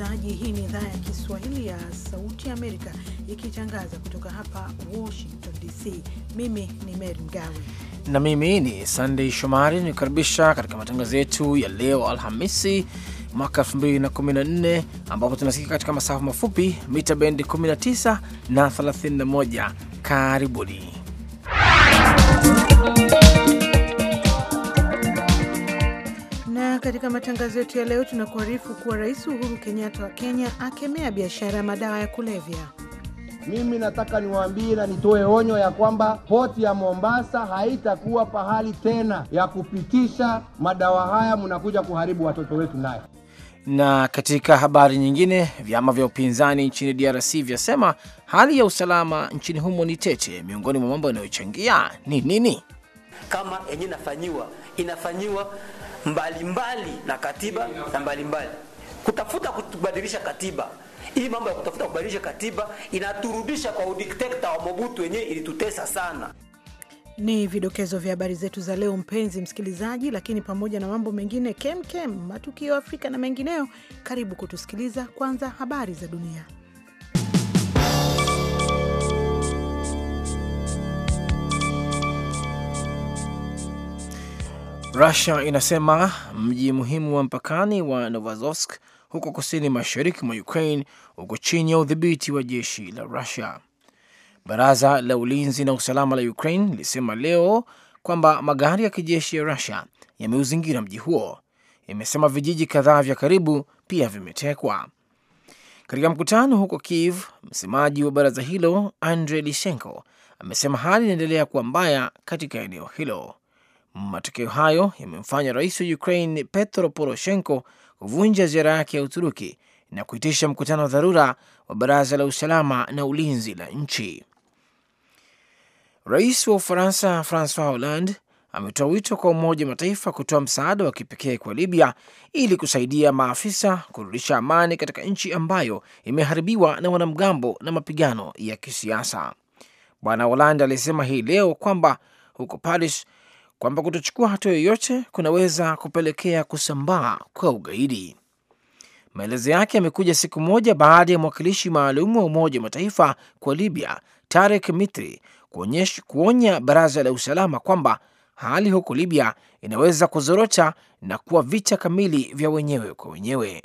msikilizaji, hii ni idhaa ya Kiswahili ya Sauti ya Amerika ikitangaza kutoka hapa Washington DC. Mimi ni Mary Mgawe na mimi ni Sandey Shomari nikukaribisha katika matangazo yetu ya leo Alhamisi mwaka 2014 ambapo tunasikia katika masafa mafupi mita bendi 19 na 31. Karibuni. katika matangazo yetu ya leo tunakuarifu kuwa Rais Uhuru Kenyatta wa Kenya akemea biashara ya madawa ya kulevya. Mimi nataka niwaambie na nitoe onyo ya kwamba poti ya Mombasa haitakuwa pahali tena ya kupitisha madawa haya, mnakuja kuharibu watoto wetu nayo. Na katika habari nyingine, vyama vya upinzani nchini DRC vyasema hali ya usalama nchini humo ni tete. Miongoni mwa mambo yanayochangia ni nini? Kama yenyewe inafanyiwa inafanyiwa mbalimbali mbali na katiba na mbalimbali mbali. Kutafuta kubadilisha katiba hii mambo ya kutafuta kubadilisha katiba inaturudisha kwa udiktekta wa Mobutu wenyewe, ilitutesa sana. Ni vidokezo vya habari zetu za leo, mpenzi msikilizaji, lakini pamoja na mambo mengine kemkem, matukio ya Afrika na mengineyo, karibu kutusikiliza. Kwanza habari za dunia. Rusia inasema mji muhimu wa mpakani wa Novazovsk huko kusini mashariki mwa Ukraine uko chini ya udhibiti wa jeshi la Rusia. Baraza la ulinzi na usalama la Ukraine lilisema leo kwamba magari ya kijeshi ya Rusia yameuzingira mji huo. Imesema vijiji kadhaa vya karibu pia vimetekwa. Katika mkutano huko Kiev, msemaji wa baraza hilo Andrei Lishenko amesema hali inaendelea kuwa mbaya katika eneo hilo. Matokeo hayo yamemfanya rais wa Ukraine Petro Poroshenko kuvunja ziara yake ya Uturuki na kuitisha mkutano wa dharura wa baraza la usalama na ulinzi la nchi. Rais wa Ufaransa Francois Hollande ametoa wito kwa Umoja wa Mataifa kutoa msaada wa kipekee kwa Libya ili kusaidia maafisa kurudisha amani katika nchi ambayo imeharibiwa na wanamgambo na mapigano ya kisiasa. Bwana Hollande alisema hii leo kwamba huko Paris kwamba kutochukua hatua yoyote kunaweza kupelekea kusambaa kwa ugaidi. Maelezo yake yamekuja siku moja baada ya mwakilishi maalum wa Umoja wa Mataifa kwa Libya Tarek Mitri kuonya Baraza la Usalama kwamba hali huko Libya inaweza kuzorota na kuwa vita kamili vya wenyewe kwa wenyewe.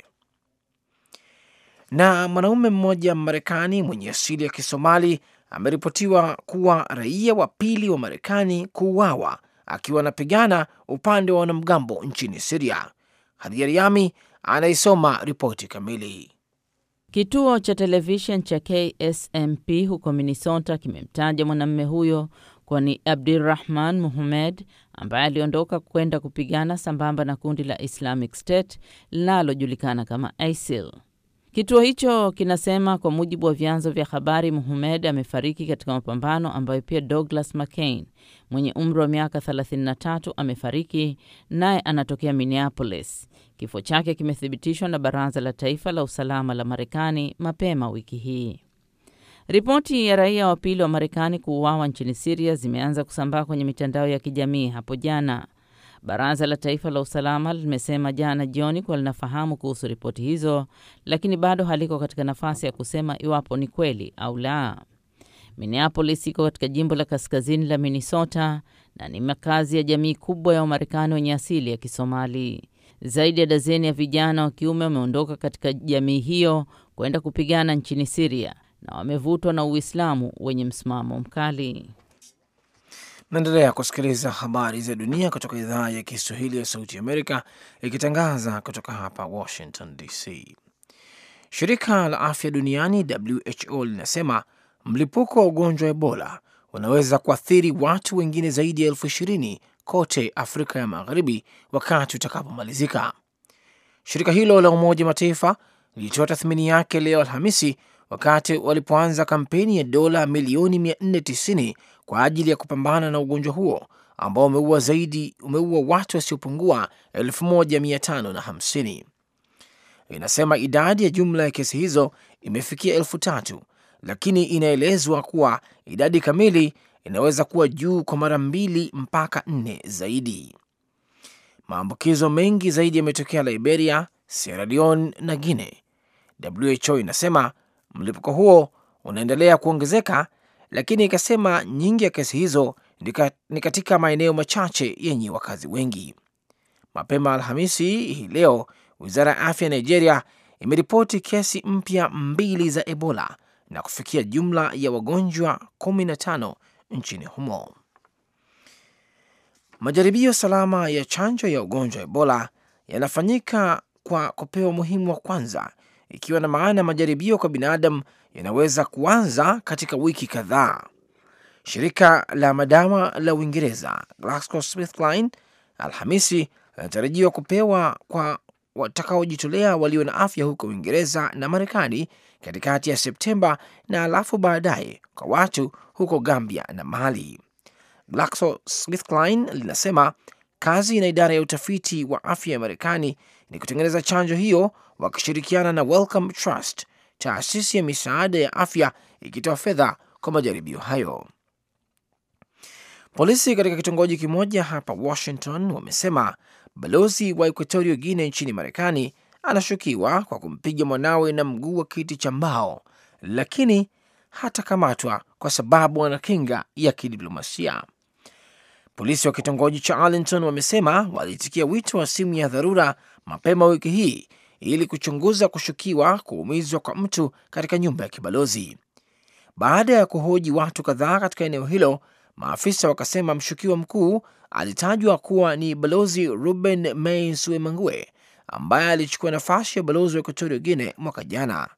Na mwanaume mmoja Marekani mwenye asili ya Kisomali ameripotiwa kuwa raia wa pili wa Marekani kuuawa akiwa anapigana upande wa wanamgambo nchini Siria. Hadiariami anaisoma ripoti kamili. Kituo cha televishen cha KSMP huko Minnesota kimemtaja mwanamume huyo kuwa ni Abdurahman Muhamed ambaye aliondoka kwenda kupigana sambamba na kundi la Islamic State linalojulikana kama ISIL. Kituo hicho kinasema kwa mujibu wa vyanzo vya habari, Muhamed amefariki katika mapambano ambayo pia Douglas McCain mwenye umri wa miaka 33 amefariki naye anatokea Minneapolis. Kifo chake kimethibitishwa na Baraza la Taifa la Usalama la Marekani mapema wiki hii. Ripoti ya raia wa pili wa Marekani kuuawa nchini Siria zimeanza kusambaa kwenye mitandao ya kijamii hapo jana. Baraza la Taifa la Usalama limesema jana jioni kuwa linafahamu kuhusu ripoti hizo, lakini bado haliko katika nafasi ya kusema iwapo ni kweli au la. Minneapolis iko katika jimbo la kaskazini la Minnesota na ni makazi ya jamii kubwa ya Wamarekani wenye asili ya Kisomali. Zaidi ya dazeni ya vijana wa kiume wameondoka katika jamii hiyo kwenda kupigana nchini Siria na wamevutwa na Uislamu wenye msimamo mkali. Naendelea kusikiliza habari za dunia kutoka idhaa ya Kiswahili ya Sauti Amerika ikitangaza kutoka hapa Washington DC. Shirika la Afya Duniani WHO linasema mlipuko wa ugonjwa wa Ebola unaweza kuathiri watu wengine zaidi ya elfu ishirini kote Afrika ya Magharibi wakati utakapomalizika. Shirika hilo la Umoja Mataifa lilitoa tathmini yake leo Alhamisi wakati walipoanza kampeni ya dola milioni 490 kwa ajili ya kupambana na ugonjwa huo ambao umeua zaidi umeua watu wasiopungua 1550. Inasema idadi ya jumla ya kesi hizo imefikia elfu tatu, lakini inaelezwa kuwa idadi kamili inaweza kuwa juu kwa mara mbili mpaka nne zaidi. Maambukizo mengi zaidi yametokea Liberia, Sierra Leone na Guinea. WHO inasema mlipuko huo unaendelea kuongezeka lakini ikasema nyingi ya kesi hizo ni katika maeneo machache yenye wakazi wengi. Mapema Alhamisi hii leo, wizara ya afya ya Nigeria imeripoti kesi mpya mbili za Ebola na kufikia jumla ya wagonjwa 15 nchini humo. Majaribio salama ya chanjo ya ugonjwa wa Ebola yanafanyika kwa kupewa umuhimu wa kwanza ikiwa na maana majaribio kwa binadamu yanaweza kuanza katika wiki kadhaa. Shirika la madawa la Uingereza GlaxoSmithKline Alhamisi linatarajiwa kupewa kwa watakaojitolea walio na afya huko Uingereza na Marekani katikati ya Septemba na alafu baadaye kwa watu huko Gambia na Mali. GlaxoSmithKline linasema kazi na idara ya utafiti wa afya ya Marekani ni kutengeneza chanjo hiyo wakishirikiana na Welcome Trust, taasisi ya misaada ya afya ikitoa fedha kwa majaribio hayo. Polisi katika kitongoji kimoja hapa Washington wamesema balozi wa Equatorio Guine nchini Marekani anashukiwa kwa kumpiga mwanawe na mguu wa kiti cha mbao, lakini hatakamatwa kwa sababu ana kinga ya kidiplomasia. Polisi wa kitongoji cha Arlington wamesema walitikia wito wa simu ya dharura mapema wiki hii ili kuchunguza kushukiwa kuumizwa kwa mtu katika nyumba ya kibalozi. Baada ya kuhoji watu kadhaa katika eneo hilo, maafisa wakasema mshukiwa mkuu alitajwa kuwa ni balozi Ruben May Suemangue ambaye alichukua nafasi ya balozi wa Ekuatorio Guine mwaka jana.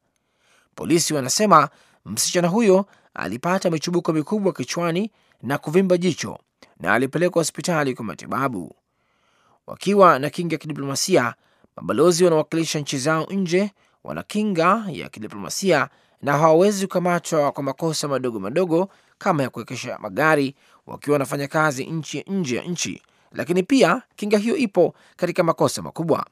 Polisi wanasema msichana huyo alipata michubuko mikubwa kichwani na kuvimba jicho na alipelekwa hospitali kwa matibabu. Wakiwa na kinga ya kidiplomasia, mabalozi wanaowakilisha nchi zao nje wana kinga ya kidiplomasia na hawawezi kukamatwa kwa makosa madogo madogo kama ya kuwekesha magari wakiwa wanafanya kazi nchi nje ya nchi, lakini pia kinga hiyo ipo katika makosa makubwa.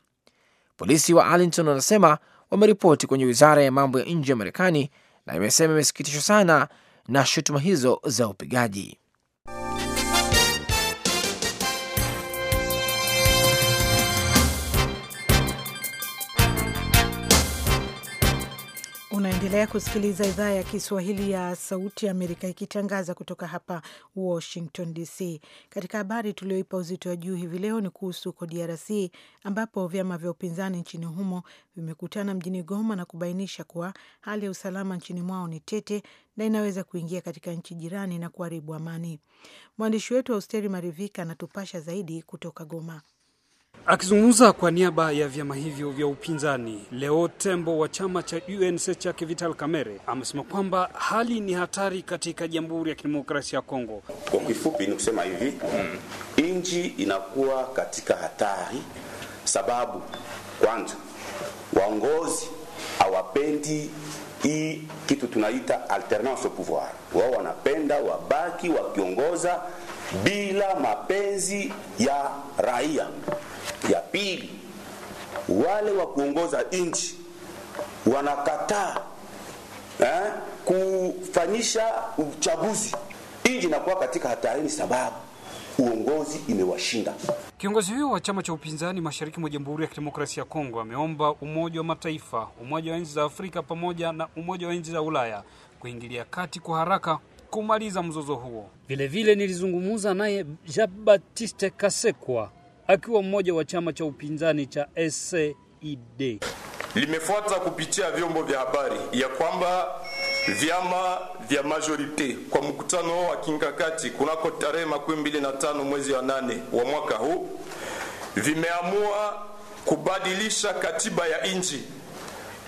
Polisi wa Arlington wanasema wameripoti kwenye wizara ya mambo ya nje ya Marekani na imesema imesikitishwa sana na shutuma hizo za upigaji. Unaendelea kusikiliza idhaa ya Kiswahili ya Sauti ya Amerika ikitangaza kutoka hapa Washington DC. Katika habari tulioipa uzito wa juu hivi leo ni kuhusu huko DRC ambapo vyama vya upinzani nchini humo vimekutana mjini Goma na kubainisha kuwa hali ya usalama nchini mwao ni tete na inaweza kuingia katika nchi jirani na kuharibu amani. Mwandishi wetu wa Austeri Marivika anatupasha zaidi kutoka Goma. Akizungumza kwa niaba ya vyama hivyo vya upinzani leo, tembo wa chama cha UNC chake Vital Kamerhe amesema kwamba hali ni hatari katika Jamhuri ya Kidemokrasia ya Kongo. Kwa kifupi ni kusema hivi, nchi inakuwa katika hatari sababu kwanza waongozi hawapendi hii kitu tunaita alternance au pouvoir. Wao wanapenda wabaki wakiongoza bila mapenzi ya raia. Ya pili, wale wa kuongoza nchi wanakataa eh, kufanyisha uchaguzi. Nchi inakuwa katika hatarini sababu uongozi imewashinda. Kiongozi huyo wa chama cha upinzani mashariki mwa Jamhuri ya Kidemokrasia ya Kongo ameomba Umoja wa Mataifa, Umoja wa Nchi za Afrika pamoja na Umoja wa Nchi za Ulaya kuingilia kati kwa haraka kumaliza mzozo huo. Vilevile nilizungumza naye Jean Baptiste Kasekwa akiwa mmoja wa chama cha upinzani cha SCED. Limefuata kupitia vyombo vya habari ya kwamba vyama vya majorite kwa mkutano wa kinkakati kunako tarehe makumi mbili na tano mwezi wa nane wa mwaka huu vimeamua kubadilisha katiba ya nchi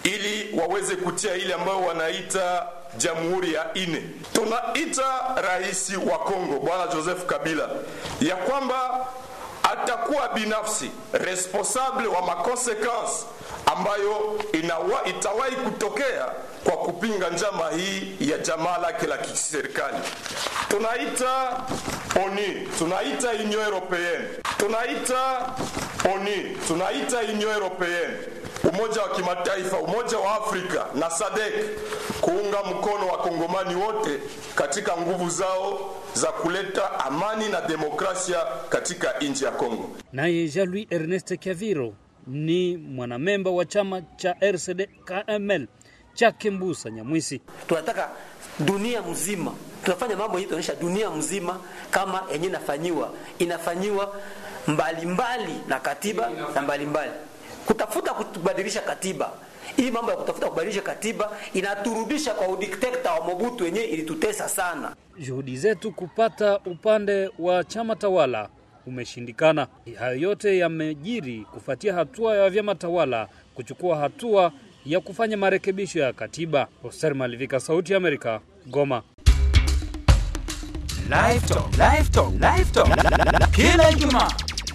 ili waweze kutia ile ambayo wanaita jamhuri ya ine. Tunaita rais wa Kongo Bwana Joseph Kabila ya kwamba atakuwa binafsi responsable wa makonsekansi ambayo inawa, itawahi kutokea kwa kupinga njama hii ya jamaa lake la kiserikali. Tunaita ONU, tunaita Union Europeenne, tunaita ONU, tunaita Union Europeenne umoja wa kimataifa, umoja wa Afrika na SADC kuunga mkono wakongomani wote katika nguvu zao za kuleta amani na demokrasia katika nchi ya Kongo. Naye Jean-Louis Ernest Kiaviro ni mwanamemba wa chama cha RCD KML chake Mbusa Nyamwisi. Tunataka dunia mzima, tunafanya mambo hii, tunaonyesha dunia mzima kama yenye inafanyiwa inafanyiwa mbalimbali na katiba na mbalimbali mbali kutafuta kubadilisha katiba. Hii mambo ya kutafuta kubadilisha katiba inaturudisha kwa udiktekta wa Mobutu wenyewe, ilitutesa sana. Juhudi zetu kupata upande wa chama tawala umeshindikana. Hayo yote yamejiri kufuatia hatua ya vyama tawala kuchukua hatua ya kufanya marekebisho ya katiba. Hoser Malivika, Sauti ya Amerika, Goma. Live talk, live talk, live talk. Kila Ijumaa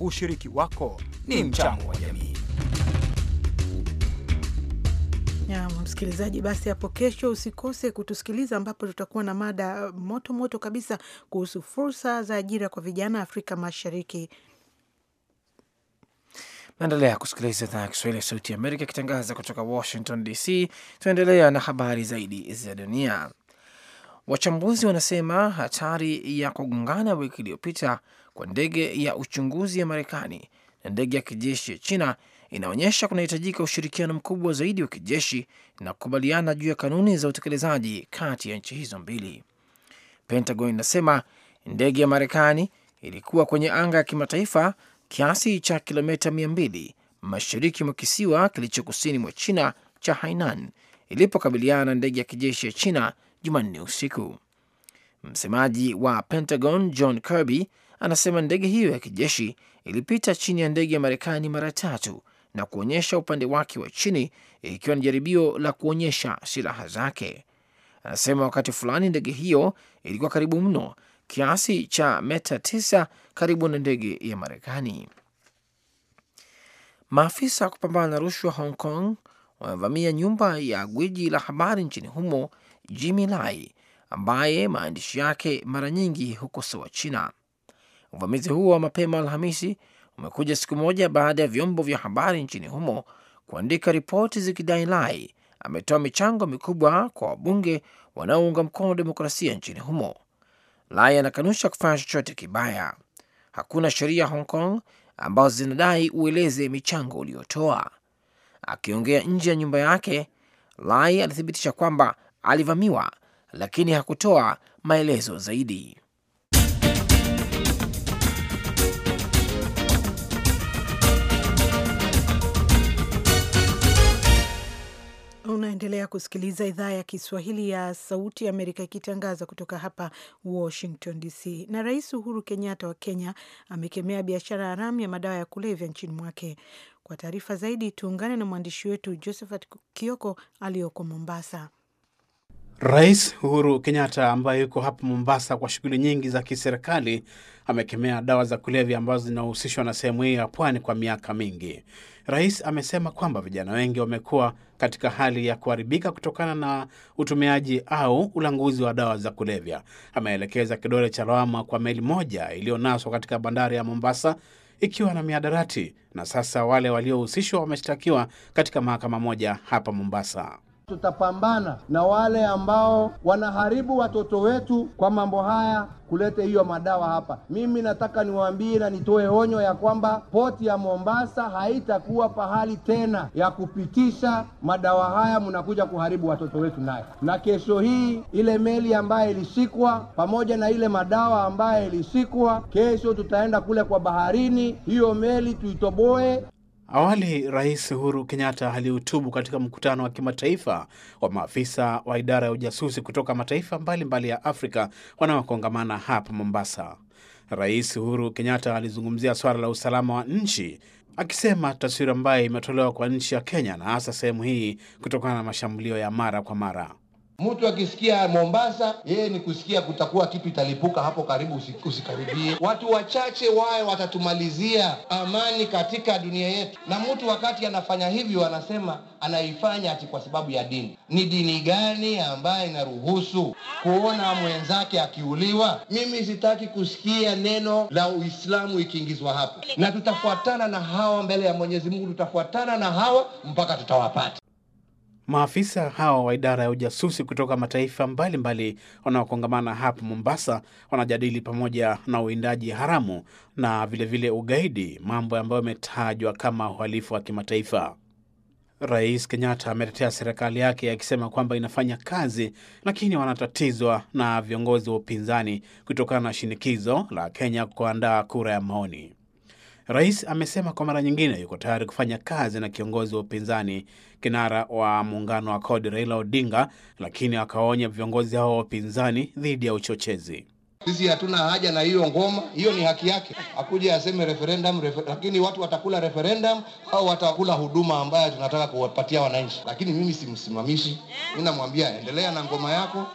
Ushiriki wako ni hmm, mchango wa jamii. msikilizaji, basi hapo kesho usikose kutusikiliza ambapo tutakuwa na mada moto moto kabisa kuhusu fursa za ajira kwa vijana Afrika Mashariki. Naendelea kusikiliza idhaa ya Kiswahili ya Sauti ya Amerika ikitangaza kutoka Washington DC. Tunaendelea na habari zaidi za dunia. Wachambuzi wanasema hatari ya kugongana wiki iliyopita kwa ndege ya uchunguzi ya Marekani na ndege ya kijeshi ya China inaonyesha kunahitajika ushirikiano mkubwa zaidi wa kijeshi na kukubaliana juu ya kanuni za utekelezaji kati ya nchi hizo mbili. Pentagon inasema ndege ya Marekani ilikuwa kwenye anga ya kimataifa kiasi cha kilomita 200 mashariki mwa kisiwa kilicho kusini mwa China cha Hainan ilipokabiliana na ndege ya kijeshi ya China Jumanne usiku. Msemaji wa Pentagon John Kirby anasema ndege hiyo ya kijeshi ilipita chini ya ndege ya Marekani mara tatu na kuonyesha upande wake wa chini, ikiwa ni jaribio la kuonyesha silaha zake. Anasema wakati fulani ndege hiyo ilikuwa karibu mno kiasi cha meta tisa karibu na ndege ya Marekani. Maafisa wa kupambana na rushwa Hong Kong wamevamia nyumba ya gwiji la habari nchini humo Jimmy Lai ambaye maandishi yake mara nyingi hukosoa China. Uvamizi huo wa mapema Alhamisi umekuja siku moja baada ya vyombo vya habari nchini humo kuandika ripoti zikidai Lai ametoa michango mikubwa kwa wabunge wanaounga mkono demokrasia nchini humo. Lai anakanusha kufanya chochote kibaya. Hakuna sheria Hong Kong ambazo zinadai ueleze michango uliotoa. Akiongea nje ya nyumba yake, Lai alithibitisha kwamba alivamiwa, lakini hakutoa maelezo zaidi. Unaendelea kusikiliza idhaa ya Kiswahili ya Sauti ya Amerika ikitangaza kutoka hapa Washington DC. Na Rais Uhuru Kenyatta wa Kenya amekemea biashara haramu ya madawa ya kulevya nchini mwake. Kwa taarifa zaidi, tuungane na mwandishi wetu Josephat Kioko aliyoko Mombasa. Rais Uhuru Kenyatta ambaye yuko hapa Mombasa kwa shughuli nyingi za kiserikali amekemea dawa za kulevya ambazo zinahusishwa na sehemu hii ya pwani kwa miaka mingi. Rais amesema kwamba vijana wengi wamekuwa katika hali ya kuharibika kutokana na utumiaji au ulanguzi wa dawa za kulevya. Ameelekeza kidole cha lawama kwa meli moja iliyonaswa katika bandari ya Mombasa ikiwa na miadarati, na sasa wale waliohusishwa wameshtakiwa katika mahakama moja hapa Mombasa. Tutapambana na wale ambao wanaharibu watoto wetu kwa mambo haya, kulete hiyo madawa hapa. Mimi nataka niwaambie na nitoe onyo ya kwamba poti ya Mombasa haitakuwa pahali tena ya kupitisha madawa haya, mnakuja kuharibu watoto wetu nayo. Na kesho hii ile meli ambayo ilishikwa pamoja na ile madawa ambayo ilishikwa, kesho tutaenda kule kwa baharini, hiyo meli tuitoboe, Awali Rais Uhuru Kenyatta alihutubu katika mkutano wa kimataifa wa maafisa wa idara ya ujasusi kutoka mataifa mbalimbali mbali ya Afrika wanaokongamana hapa Mombasa. Rais Uhuru Kenyatta alizungumzia swala la usalama wa nchi akisema taswira ambayo imetolewa kwa nchi ya Kenya na hasa sehemu hii kutokana na mashambulio ya mara kwa mara. Mtu akisikia Mombasa, yeye ni kusikia kutakuwa kitu italipuka hapo karibu, usikaribie. Watu wachache waye watatumalizia amani katika dunia yetu. Na mtu wakati anafanya hivyo, anasema anaifanya ati kwa sababu ya dini. Ni dini gani ambayo inaruhusu kuona mwenzake akiuliwa? Mimi sitaki kusikia neno la Uislamu ikiingizwa hapa, na tutafuatana na hawa mbele ya Mwenyezi Mungu, tutafuatana na hawa mpaka tutawapata. Maafisa hao wa idara ya ujasusi kutoka mataifa mbalimbali wanaokongamana hapa Mombasa wanajadili pamoja na uwindaji haramu na vilevile vile ugaidi, mambo ambayo yametajwa kama uhalifu wa kimataifa. Rais Kenyatta ametetea serikali yake akisema ya kwamba inafanya kazi, lakini wanatatizwa na viongozi wa upinzani kutokana na shinikizo la Kenya kuandaa kura ya maoni. Rais amesema kwa mara nyingine yuko tayari kufanya kazi na kiongozi wa upinzani kinara wa muungano wa CORD Raila Odinga, lakini akaonya viongozi hao wa upinzani dhidi ya uchochezi. Sisi hatuna haja na hiyo ngoma, hiyo ni haki yake, akuja aseme referendum, refer... lakini watu watakula referendum au watakula huduma ambayo tunataka kuwapatia wananchi. Lakini mimi simsimamishi, mimi namwambia endelea na ngoma yako,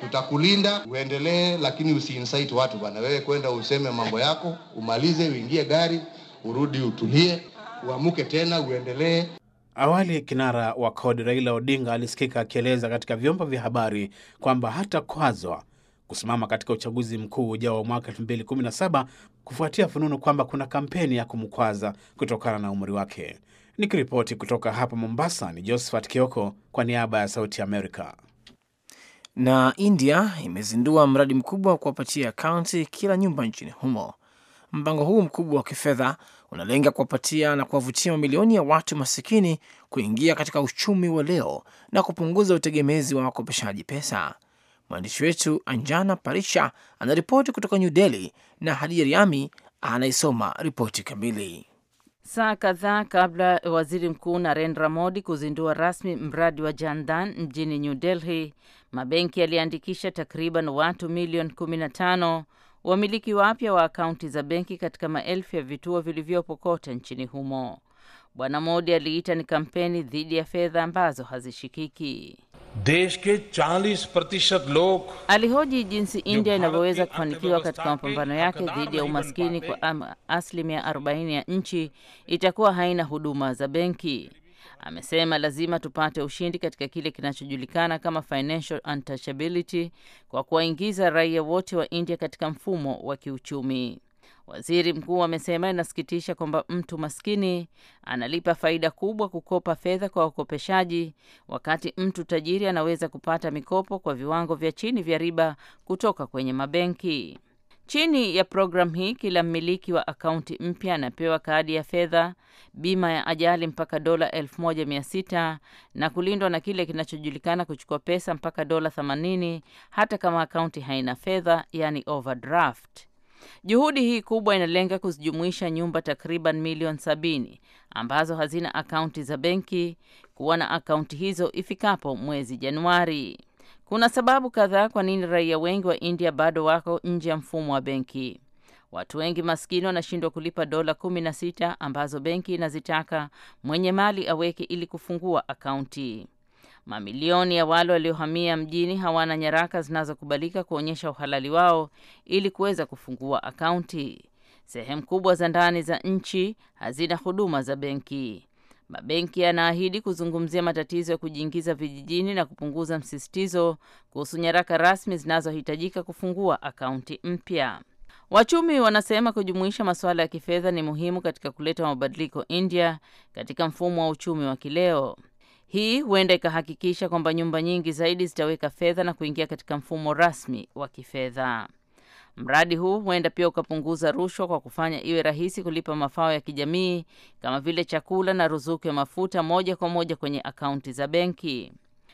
tutakulinda uendelee, lakini usiincite watu bana. Wewe kwenda useme mambo yako, umalize, uingie gari, urudi, utulie, uamuke tena, uendelee. Awali kinara wa CORD Raila Odinga alisikika akieleza katika vyombo vya habari kwamba hata kwazwa kusimama katika uchaguzi mkuu ujao wa mwaka 2017 kufuatia fununu kwamba kuna kampeni ya kumkwaza kutokana na umri wake. Nikiripoti kutoka hapa Mombasa ni Josephat Kioko kwa niaba ya Sauti Amerika. Na India imezindua mradi mkubwa wa kuwapatia kaunti kila nyumba nchini humo. Mpango huu mkubwa wa kifedha unalenga kuwapatia na kuwavutia mamilioni ya watu masikini kuingia katika uchumi wa leo na kupunguza utegemezi wa wakopeshaji pesa. Mwandishi wetu Anjana Parisha anaripoti kutoka New Delhi na Hadija Riami anaisoma ripoti kamili. Saa kadhaa kabla ya waziri mkuu Narendra Modi kuzindua rasmi mradi wa Jandan mjini New Delhi, mabenki yaliandikisha takriban watu milioni 15 wamiliki wapya wa akaunti za benki katika maelfu ya vituo vilivyopo kote nchini humo. Bwana Modi aliita ni kampeni dhidi ya fedha ambazo hazishikiki. Desh ke 40% log alihoji jinsi India inavyoweza kufanikiwa katika mapambano yake dhidi ya umaskini kwa asilimia 40 ya nchi itakuwa haina huduma za benki. Amesema lazima tupate ushindi katika kile kinachojulikana kama financial untouchability kwa kuwaingiza raia wote wa India katika mfumo wa kiuchumi. Waziri mkuu amesema inasikitisha kwamba mtu maskini analipa faida kubwa kukopa fedha kwa wakopeshaji, wakati mtu tajiri anaweza kupata mikopo kwa viwango vya chini vya riba kutoka kwenye mabenki. Chini ya programu hii, kila mmiliki wa akaunti mpya anapewa kadi ya fedha, bima ya ajali mpaka dola 1600 na kulindwa na kile kinachojulikana kuchukua pesa mpaka dola 80 hata kama akaunti haina fedha, yani overdraft. Juhudi hii kubwa inalenga kuzijumuisha nyumba takriban milioni sabini ambazo hazina akaunti za benki kuwa na akaunti hizo ifikapo mwezi Januari. Kuna sababu kadhaa kwa nini raia wengi wa India bado wako nje ya mfumo wa benki. Watu wengi maskini wanashindwa kulipa dola kumi na sita ambazo benki inazitaka mwenye mali aweke ili kufungua akaunti. Mamilioni ya wale waliohamia mjini hawana nyaraka zinazokubalika kuonyesha uhalali wao ili kuweza kufungua akaunti. Sehemu kubwa za ndani za nchi hazina huduma za benki. Mabenki yanaahidi kuzungumzia matatizo ya kujiingiza vijijini na kupunguza msisitizo kuhusu nyaraka rasmi zinazohitajika kufungua akaunti mpya. Wachumi wanasema kujumuisha masuala ya kifedha ni muhimu katika kuleta mabadiliko India katika mfumo wa uchumi wa kileo. Hii huenda ikahakikisha kwamba nyumba nyingi zaidi zitaweka fedha na kuingia katika mfumo rasmi wa kifedha. Mradi huu huenda pia ukapunguza rushwa kwa kufanya iwe rahisi kulipa mafao ya kijamii kama vile chakula na ruzuku ya mafuta moja kwa moja kwenye akaunti za benki.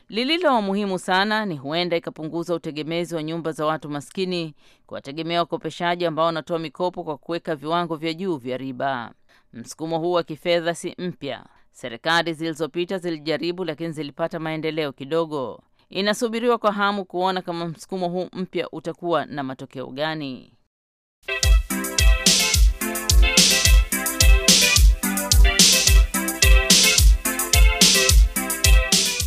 Lililo muhimu sana ni huenda ikapunguza utegemezi wa nyumba za watu maskini kuwategemea wakopeshaji ambao wanatoa mikopo kwa kuweka viwango vya juu vya riba. Msukumo huu wa kifedha si mpya, Serikali zilizopita zilijaribu, lakini zilipata maendeleo kidogo. Inasubiriwa kwa hamu kuona kama msukumo huu mpya utakuwa na matokeo gani.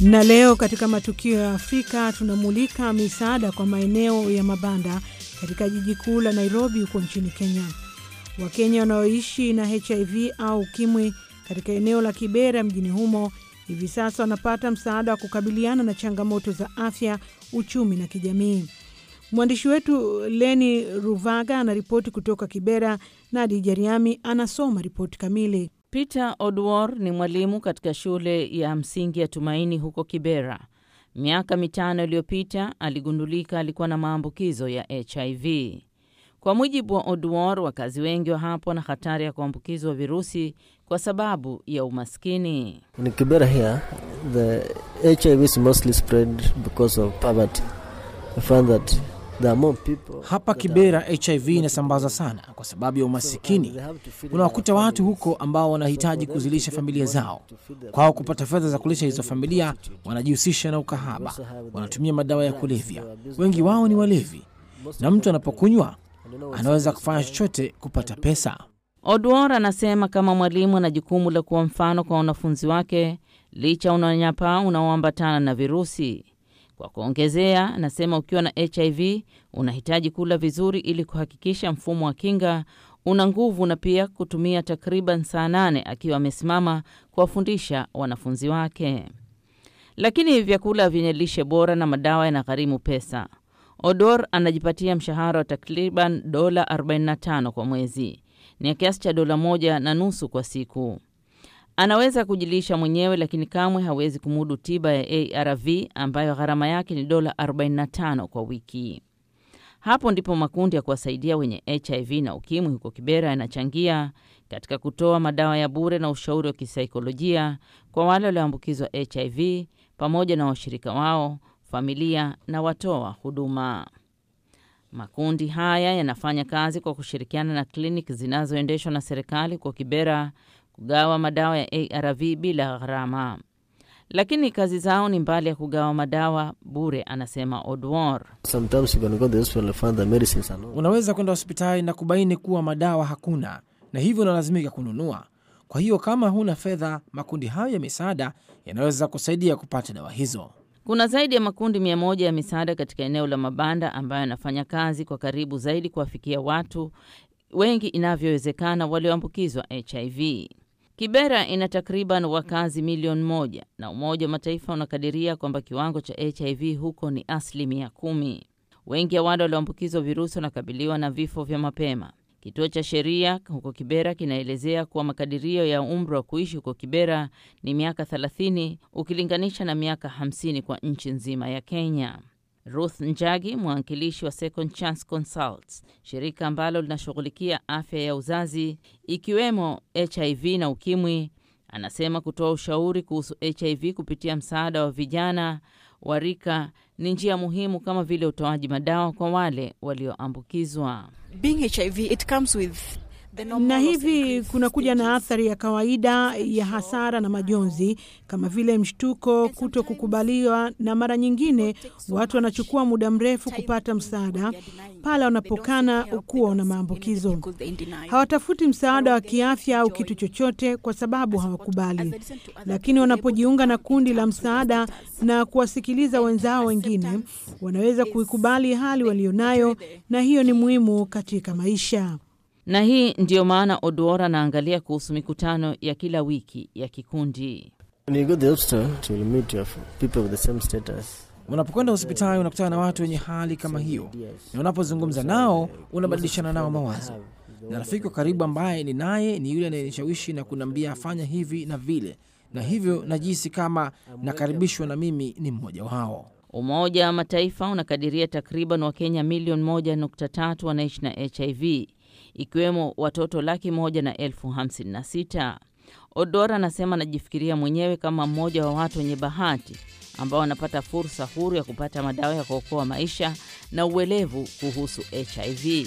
Na leo katika matukio ya Afrika tunamulika misaada kwa maeneo ya mabanda katika jiji kuu la Nairobi huko nchini Kenya. Wakenya wanaoishi na HIV au ukimwi katika eneo la Kibera mjini humo hivi sasa wanapata msaada wa kukabiliana na changamoto za afya, uchumi na kijamii. Mwandishi wetu Leni Ruvaga anaripoti kutoka Kibera na Adija Riami anasoma ripoti kamili. Peter Odwor ni mwalimu katika shule ya msingi ya Tumaini huko Kibera. Miaka mitano iliyopita aligundulika alikuwa na maambukizo ya HIV. Kwa mujibu wa Oduor, wakazi wengi wa hapo na hatari ya kuambukizwa virusi kwa sababu ya umaskini. Hapa Kibera HIV inasambaza sana kwa sababu ya umasikini. Uh, Unawakuta watu huko ambao wanahitaji kuzilisha familia zao. Kwao kupata fedha za kulisha hizo familia, wanajihusisha na ukahaba, wanatumia madawa ya kulevya. Uh, wengi wao ni walevi, na mtu anapokunywa anaweza kufanya chochote kupata pesa. Oduor anasema kama mwalimu ana jukumu la kuwa mfano kwa wanafunzi wake licha unanyapa unaoambatana na virusi. Kwa kuongezea, anasema ukiwa na HIV unahitaji kula vizuri ili kuhakikisha mfumo wa kinga una nguvu na pia kutumia takriban saa nane akiwa amesimama kuwafundisha wanafunzi wake. Lakini vyakula vyenye lishe bora na madawa yanagharimu pesa. Odor anajipatia mshahara wa takriban dola 45 kwa mwezi, ni kiasi cha dola moja na nusu kwa siku. Anaweza kujilisha mwenyewe, lakini kamwe hawezi kumudu tiba ya ARV ambayo gharama yake ni dola 45 kwa wiki. Hapo ndipo makundi ya kuwasaidia wenye HIV na ukimwi huko Kibera yanachangia katika kutoa madawa ya bure na ushauri wa kisaikolojia kwa wale walioambukizwa HIV pamoja na washirika wao familia na watoa huduma. Makundi haya yanafanya kazi kwa kushirikiana na kliniki zinazoendeshwa na serikali kwa Kibera kugawa madawa ya ARV bila gharama, lakini kazi zao ni mbali ya kugawa madawa bure, anasema Odwor. Unaweza kwenda hospitali na kubaini kuwa madawa hakuna, na hivyo unalazimika kununua. Kwa hiyo kama huna fedha, makundi hayo ya misaada yanaweza kusaidia kupata dawa hizo. Kuna zaidi ya makundi mia moja ya misaada katika eneo la mabanda ambayo yanafanya kazi kwa karibu zaidi kuwafikia watu wengi inavyowezekana walioambukizwa HIV. Kibera ina takriban wakazi milioni moja na Umoja wa Mataifa unakadiria kwamba kiwango cha HIV huko ni asilimia kumi. Wengi ya wale walioambukizwa virusi wanakabiliwa na vifo vya mapema. Kituo cha sheria huko Kibera kinaelezea kuwa makadirio ya umri wa kuishi huko Kibera ni miaka 30 ukilinganisha na miaka 50 kwa nchi nzima ya Kenya. Ruth Njagi, mwakilishi wa Second Chance Consults, shirika ambalo linashughulikia afya ya uzazi ikiwemo HIV na ukimwi, anasema kutoa ushauri kuhusu HIV kupitia msaada wa vijana wa rika ni njia muhimu kama vile utoaji madawa kwa wale walioambukizwa na hivi kunakuja na athari ya kawaida ya hasara na majonzi kama vile mshtuko, kuto kukubaliwa, na mara nyingine watu wanachukua muda mrefu kupata msaada pale wanapokana kuwa na maambukizo. Hawatafuti msaada wa kiafya au kitu chochote kwa sababu hawakubali, lakini wanapojiunga na kundi la msaada na kuwasikiliza wenzao wengine, wanaweza kuikubali hali walionayo, na hiyo ni muhimu katika maisha na hii ndiyo maana odor anaangalia kuhusu mikutano ya kila wiki ya kikundi. Unapokwenda hospitali unakutana na watu wenye hali kama hiyo, na unapozungumza nao unabadilishana nao mawazo, na rafiki wa karibu ambaye ni naye ni yule anayenishawishi na kunaambia afanya hivi na vile, na hivyo najihisi kama nakaribishwa na mimi ni mmoja wao. Umoja wa Mataifa unakadiria takriban Wakenya milioni 1.3 wanaishi na HIV ikiwemo watoto laki moja na elfu hamsini na sita. Odora anasema anajifikiria mwenyewe kama mmoja wa watu wenye bahati ambao wanapata fursa huru ya kupata madawa ya kuokoa maisha na uelevu kuhusu HIV.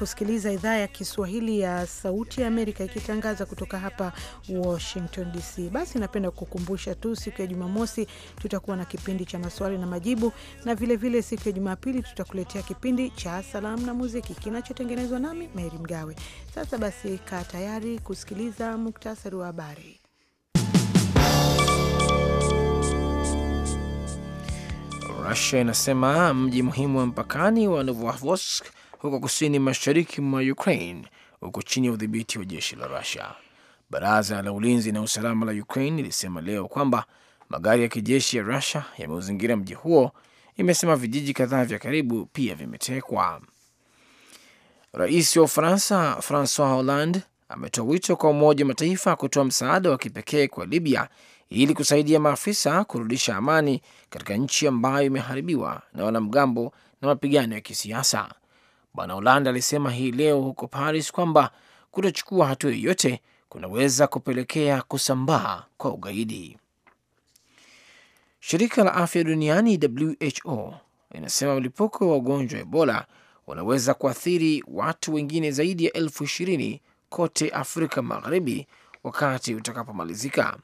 kusikiliza idhaa ya Kiswahili ya Sauti ya Amerika ikitangaza kutoka hapa Washington DC. Basi napenda kukukumbusha tu, siku ya Jumamosi tutakuwa na kipindi cha maswali na majibu, na vilevile vile siku ya Jumapili tutakuletea kipindi cha salamu na muziki kinachotengenezwa nami Meri Mgawe. Sasa basi, kaa tayari kusikiliza muktasari wa habari. Rusia inasema mji muhimu wa mpakani wa wa huko kusini mashariki mwa Ukraine huko chini ya udhibiti wa jeshi la Rusia. Baraza la ulinzi na usalama la Ukraine ilisema leo kwamba magari ya kijeshi ya Rusia yameuzingira mji huo. Imesema vijiji kadhaa vya karibu pia vimetekwa. Rais wa Ufaransa Francois Hollande ametoa wito kwa Umoja wa Mataifa kutoa msaada wa kipekee kwa Libya ili kusaidia maafisa kurudisha amani katika nchi ambayo imeharibiwa na wanamgambo na mapigano ya kisiasa. Bwana Holand alisema hii leo huko Paris kwamba kutochukua hatua yoyote kunaweza kupelekea kusambaa kwa ugaidi. Shirika la afya duniani WHO linasema mlipuko wa ugonjwa wa Ebola unaweza kuathiri watu wengine zaidi ya elfu ishirini kote Afrika Magharibi wakati utakapomalizika.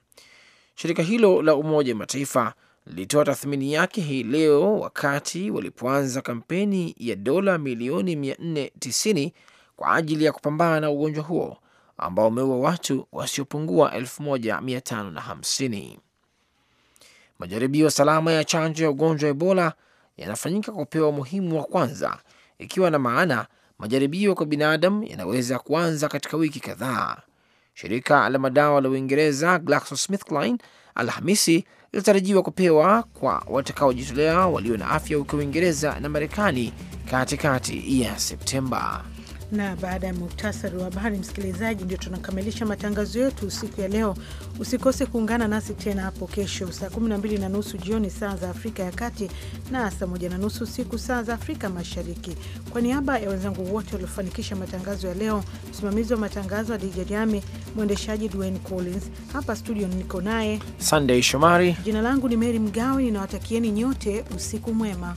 Shirika hilo la Umoja wa Mataifa lilitoa tathmini yake hii leo wakati walipoanza kampeni ya dola milioni 490 kwa ajili ya kupambana na ugonjwa huo ambao umeua watu wasiopungua 1550. Majaribio salama ya chanjo ya ugonjwa wa Ebola yanafanyika kwa kupewa umuhimu wa kwanza, ikiwa na maana majaribio kwa binadamu yanaweza kuanza katika wiki kadhaa. Shirika la madawa la Uingereza GlaxoSmithKline Alhamisi ilitarajiwa kupewa kwa watakaojitolea walio na afya huko Uingereza na Marekani katikati ya Septemba. Na baada ya muktasari wa habari, msikilizaji, ndio tunakamilisha matangazo yetu usiku ya leo. Usikose kuungana nasi tena hapo kesho saa 12 na nusu jioni saa za Afrika ya Kati na saa 1 na nusu usiku saa za Afrika Mashariki. Kwa niaba ya wenzangu wote waliofanikisha matangazo ya leo, msimamizi wa matangazo Adija Jami, mwendeshaji Dwayne Collins, hapa studio niko naye Sunday Shomari. Jina langu ni Mary Mgawe, ninawatakieni nyote usiku mwema.